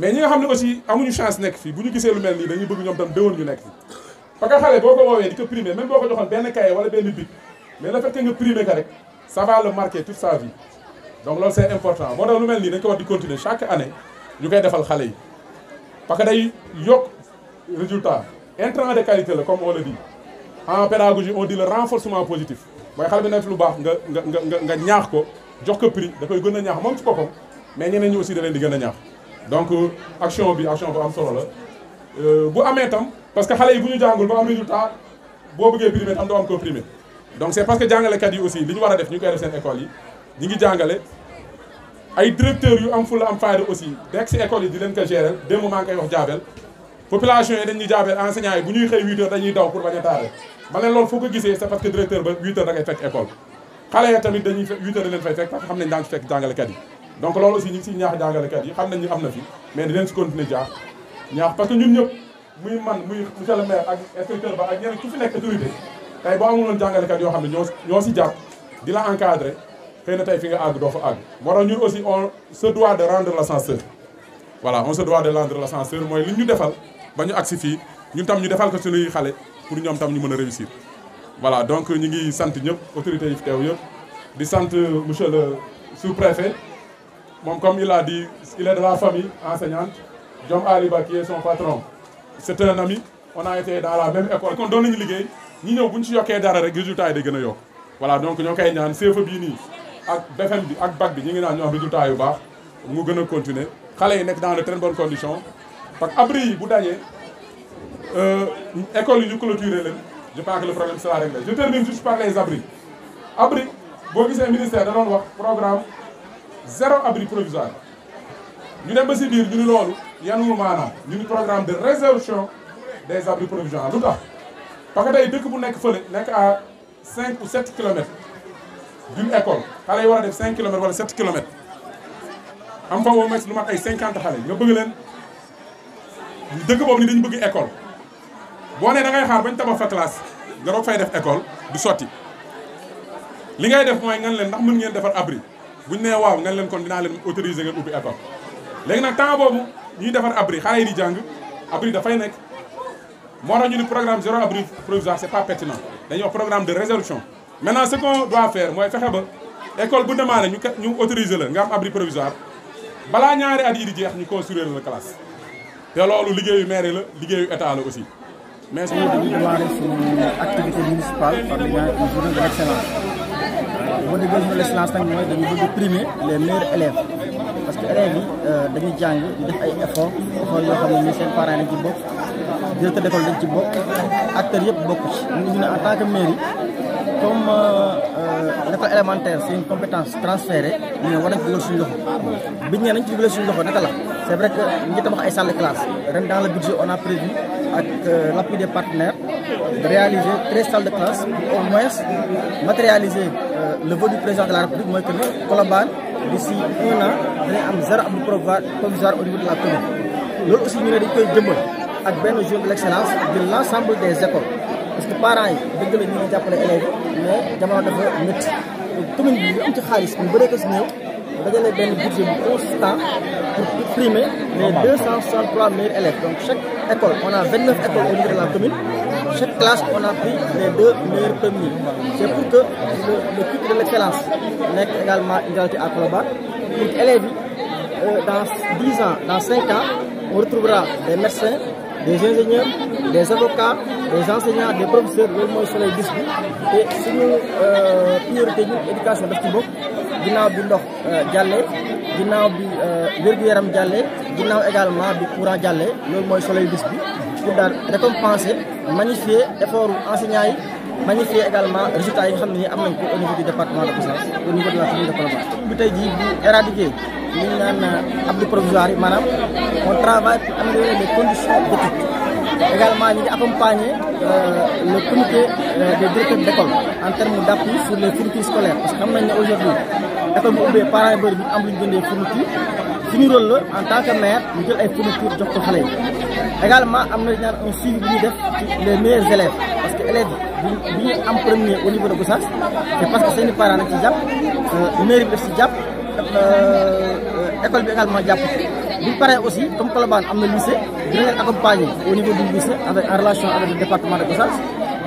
mais ñi nga xam ne aussi amuñu chance nekk fii bu ñu gisee lu mel nii dañuy bëgg ñoom tam déwoon ñu nekk fii parce que xale boo ko woowee di ko primé même boo ko joxoon benn cahier wala benn bic ka rek ça le marquer toute sa vie donc loolu c'est important moo tax lu mel nii dañ ko war di continuer chaque année ñu koy defal xale yi parce que day yokk résultat intrant de qualité la comme on le dit en pédagogie on dit le renforcement positif mooy xale bi na def lu baax nga nga nga nga ñaax ko jox ko prix da koy gën a ñaax moom ci mais ñeneen aussi da leen gën a ñaax donc euh, action bi action bu am solo la euh, bu amee tam parce que xale yi bu ñu jàngul ba am résultat boo bëggee primé tam doo am koo primé donc c' parce que jàngalekat yi aussi li ñu war a def ñu koy def seen école yi ñi ngi jàngale ay directeurs yu am fulla am fayda aussi nekk si école yi di leen ko gérer démb maa ngi koy jaabel population yi dañuy jaabel enseignants bu ñuy xëy 8 dañuy daw pour bañ a taare ma ne loolu foo ko gisee c' parce que nañ daan fekk donc loolu aussi ñu ngi ñaax jàngalekat yi xam nañ ni na fi mais dinañ si continuer jaax ñaax parce que ñun ñëpp muy man muy monsieur le ak inspecteur ba ak yoo xam ne ñoo ñoo si jàpp di la encadrer xëy fi ñun on se doit de rendre l'ascenseur voilà on mooy li ñu defal ba ñu agsi fii ñun tam ñu defal ko suñuy xale pour ñoom tam ñu mën a réussir voilà donc ñu ngi sant ñëpp autorités yi fi teew yëpp di sant monsieur le sous-préfet. moom comme il a dit de la famille enseignante Diom Aliba qui est son patron c'est un ami on a école kon doon nañu liggéey ñi ñëw bu ñu ci yokkee dara rek résultat yi day gën a yokk voilà donc ñoo koy ñaan CFEE bii ak BFEM bi ak bac bi ñi ngi naan ñu am résultat yu baax mu gën a continuer xale yi nekk dans de très bonnes parce que abri yi bu dañee euh, école yi ñu clôturer leen je pense que le problème sera réglé je termine juste par les abris abri boo gisee zéro abri provisoire ñu dem ba si biir ñu ni loolu yanuwul maanaam ñu ni programme de résorption des abris provisoires lu tax parce que tey dëkk bu nekk fële nekk à cinq ou sept kilomètres d'une école xale yi war a def cinq kilomètres wala sept kilomètres am fa au moins lu mat ay cinquante xale nga bëgg leen dëkk boobu ni dañu bëgg école boo nee da ngay xaar bañ tabax fa classe nga fay def école du sotti li ngay def mooy ngan leen ndax mën ngeen defar abri buñ nee waaw nga leen kon dinaa leen autoriser ngeen ubbi école léegi nag temps boobu ñuy defar abri xale yi di jàng abri dafay nekk moo tax ñu ni programme zéro abri provisoire c'est pas pertinent programme de résolution maintenant ce qu'on doit faire mooy fexe ba école bu demandé ñu ñu la nga am abri provisoire balaa ñaari at yi di jeex ñu construire la classe te loolu liggéeyu maire la liggéeyu état aussi mais suñu démarré suñu activité municipale par les gens une journée de bu dee a l'excellence nag mooy dañu bëgg primer les meilleurs élèves parce que élèves yi euh, dañuy jàng di def ay effort effort yoo xam ne ni seen parents dañ ci bokk directeur d'école dañ ci bokk acteurs yëpp bokk ci ñu ne en tant que mairie comme euh, euh, l'école élémentaire c'est compétence transférée ñu ne war nañ ci dugal suñu loxo biñ ne nañ ci dugal suñu loxo naka la c'est vrai que ñu ngi tabax ay salle de classe ren dans le budget on a prévu ak euh, l'appui des partenaires de réaliser treize salles de classe pour au moins matérialiser euh, le vœu du président de la République mooy que ne Colobane d'ici un an dinañ am zéro abri provisoire au niveau de la commune. loolu aussi ñu ne koy jëmbal ak benn jour de l'excellence de l'ensemble des écoles parce que parent yi dëgg la jàppale élèves mais jamono dafa métti commune bi ñu am ci xaalis ñu bëree si néew. dajale benn budget bu constant pour primer les meilleurs élèves donc chaque école on a vingt neuf écoles au niveau de la commune chaque classe on a pris meilleurs premiers c'est pour le le de l'excellence nekk également une à Colobane pour élèves euh, dans ans on retrouvera des médecins des ingénieurs des avocats des enseignants des professeurs loolu mooy soleil bis bi te suñu euh, priorité ñu éducation daf ginnaaw bi ndox euh, jàlle ginnaaw bi euh, wér-gu-yaram jàlle ginnaaw également bi courant jàlle loolu mooy solo yu bis bi pour daal récompenser magnifier effort enseignants yi magnifier également résultats yi nga xam ne am nañ ko au niveau du département de Gossas au niveau de la de Colobane tey jii bu éradiquer li ñu naan euh, abri provisoire yi maanaam on travaille pour améliorer les conditions d'études également ñu ngi accompagner le comité des directeurs d'école en termes d'appui sur école bu ubbee parents yi bëri ñu am lu ñu jëndee fourniture tant que maire ñu jël ay fourniture am na ñaan un suivi bu ñuy def ci les meilleurs élèves que élèves bi bi ñuy premier au niveau de Gossas parce que seeni parents nag ci jàpp euh, mairie bi daf si jàpp euh, école bi également jàpp bu paree aussi comme Colobane am na lycée dina leen accompagner au niveau du lycée avec en relation avec le département de Gossas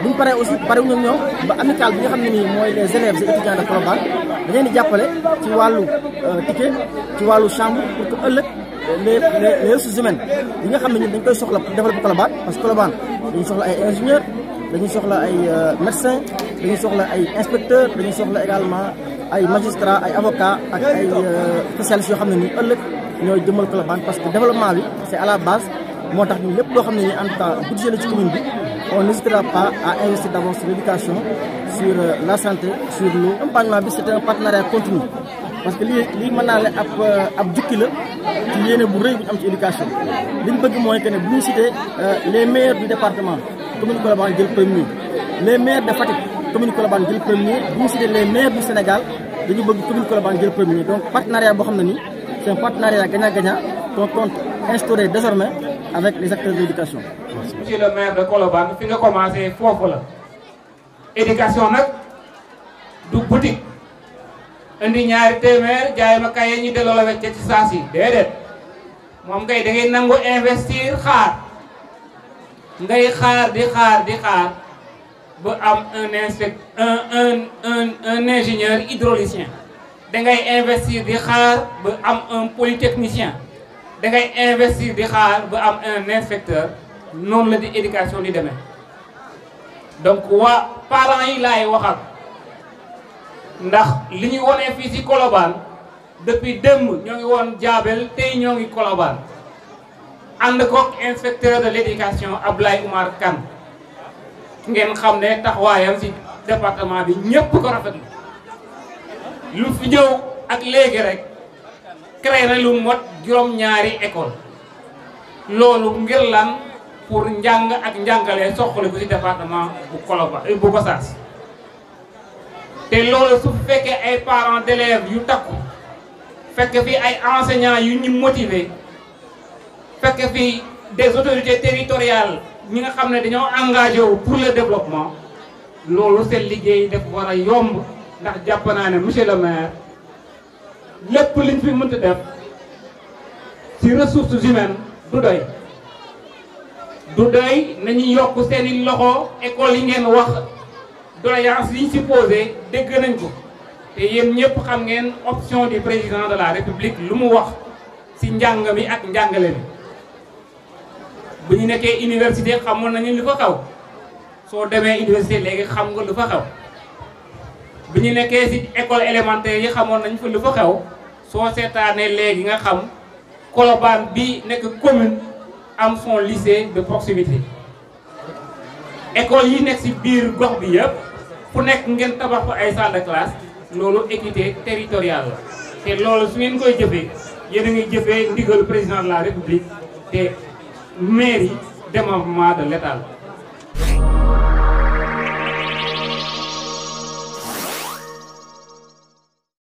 bu ñu paree aussi pare ñoom ñoom ba amicale bi nga xam ne nii mooy les élèves et étudiants de Colobane dañ leen di jàppale ci wàllu euh, ticket ci wàllu chambre pour que ëllëg les les ressources humaines yi nga xam ne ñun dañ koy soxla pour développer Colobane parce que Colobane dañuy soxla ay ingénieurs dañuy soxla ay euh, médecins dañuy soxla ay inspecteurs dañuy soxla également ay magistrats ay avocats ak ay euh, spécialistes yoo xam ne nii ëllëg ñooy jëmal Colobane parce que développement bi c'est à la base moo tax ñun lépp xam ne nii en tout cas ci commune bi on n'hésitera pas à investir d'abord sur euh, la santé sur nous accompagnement bi c'est un partenariat parce que lii lii mën naa ne ab euh, jukki la ci yéene bu rëy bu ñu am ci éducation li ñu bëgg mooy que ne bu ñu cité euh, les maires du département commune Colobane jël premier les maires de Fatick commune Colobane jël premier bu ñu cité les maires du Sénégal dañu bëgg commune Colobane jël premier donc partenariat boo xam ne nii c'est un partenariat gagnant-gagnant instaurer désormais avec de l'éducation. monsieur le maire de Colobane la. éducation nag du boutique indi ñaari téeméer jaay ma kaye ñu delloo la wecce ci saa si déedéet moom kay da ngay nangu investir xaar ngay xaar di xaar di xaar ba am un inspect un un un un ingénieur hydraulicien da ngay investir di xaar ba am un polytechnicien da ngay investir di xaar ba am un inspecteur noonu la di éducation di demee donc waa parent yi laay waxal ndax li ñuy wane fii ci Colobane depuis démb ñoo ngi woon jaabel tey ñoo ngi Colobane ànd kook inspecteur de l'éducation Abdoulaye Oumar Kane ngeen xam ne taxawaayam ci département bi ñépp ko rafetlu lu fi ñëw ak léegi rek créé na lu mot juróom-ñaari école loolu ngir lan pour njàng ak njàngale soxla ko ci département bu Koloba eh, bu Gossas te loolu su fekkee ay parents d'élèves yu takku fekk fi ay enseignants yu ñu motiver fekk fi des autorités territoriales ñi nga xam ne dañoo engagé wu pour le développement loolu seen liggéey de war a yomb ndax jàpp naa ne monsieur le maire lépp liñ fi mënta def ci ressources humaines du doy du doy nañu yokk seeni loxo école yi ngeen wax doléance yi ñu si posé dégg nañ ko te yéen ñëpp xam ngeen option du président de la république lu mu wax si njàng mi ak njàngale mi bu ñu nekkee université xamoon nañu lu fa xaw soo demee université léegi xam nga lu fa xaw bu ñu nekkee si école élémentaire yi xamoon nañ fa lu fa xaw soo seetaanee léegi nga xam Colobane bi nekk commune am son lycée de proximité école yi nekk ci biir gox bi yëpp fu nekk ngeen tabax ko ay salle de classe loolu équité territoriale la te loolu su ngeen koy jëfee yéen a ngi jëfee ndigal président de la république te mairie démembrement de l'état